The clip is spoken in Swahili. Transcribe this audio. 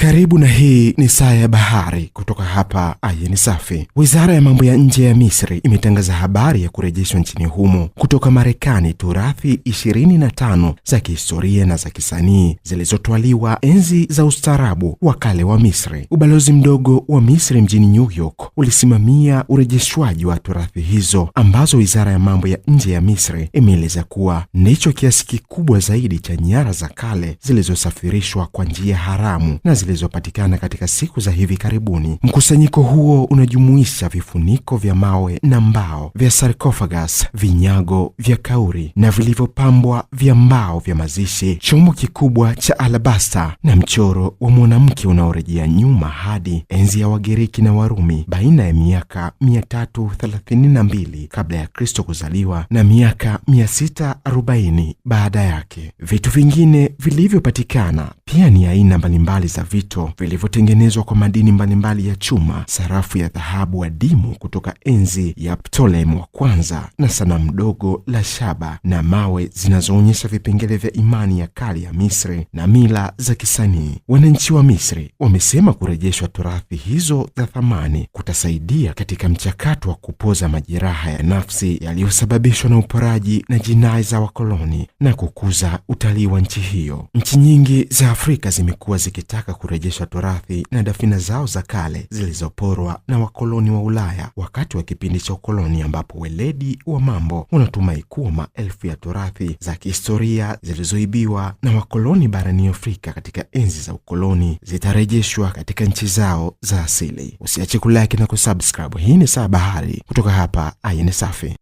Karibu na hii ni Saa ya Bahari kutoka hapa Ayin Safi. Wizara ya mambo ya nje ya Misri imetangaza habari ya kurejeshwa nchini humo kutoka Marekani turathi 25 za kihistoria na za kisanii zilizotwaliwa enzi za ustaarabu wa kale wa Misri. Ubalozi mdogo wa Misri mjini New York ulisimamia urejeshwaji wa turathi hizo ambazo wizara ya mambo ya nje ya Misri imeeleza kuwa ndicho kiasi kikubwa zaidi cha nyara za kale zilizosafirishwa kwa njia haramu na zilizopatikana katika siku za hivi karibuni. Mkusanyiko huo unajumuisha vifuniko vya mawe na mbao vya sarcophagus, vinyago vya kauri na vilivyopambwa vya mbao vya mazishi, chombo kikubwa cha alabasta na mchoro wa mwanamke unaorejea nyuma hadi enzi ya Wagiriki na Warumi baina ya miaka 332 kabla ya Kristo kuzaliwa na miaka 640 baada yake. Vitu vingine vilivyopatikana pia ni aina mbalimbali za vito vilivyotengenezwa kwa madini mbalimbali ya chuma, sarafu ya dhahabu adimu kutoka enzi ya Ptolemy wa kwanza na sanamu dogo la shaba na mawe zinazoonyesha vipengele vya imani ya kale ya Misri na mila za kisanii. Wananchi wa Misri wamesema kurejeshwa turathi hizo za thamani kutasaidia katika mchakato wa kupoza majeraha ya nafsi yaliyosababishwa na uporaji na jinai za wakoloni na kukuza utalii wa nchi hiyo. Nchi nyingi za Afrika zimekuwa zikitaka kurejesha torathi na dafina zao za kale zilizoporwa na wakoloni wa Ulaya wakati wa kipindi cha ukoloni, ambapo weledi wa mambo unatumai kuwa maelfu ya torathi za kihistoria zilizoibiwa na wakoloni barani Afrika katika enzi za ukoloni zitarejeshwa katika nchi zao za asili. Usiache kulike na kusubscribe. Hii ni Saa Bahari kutoka hapa Ayin Safi.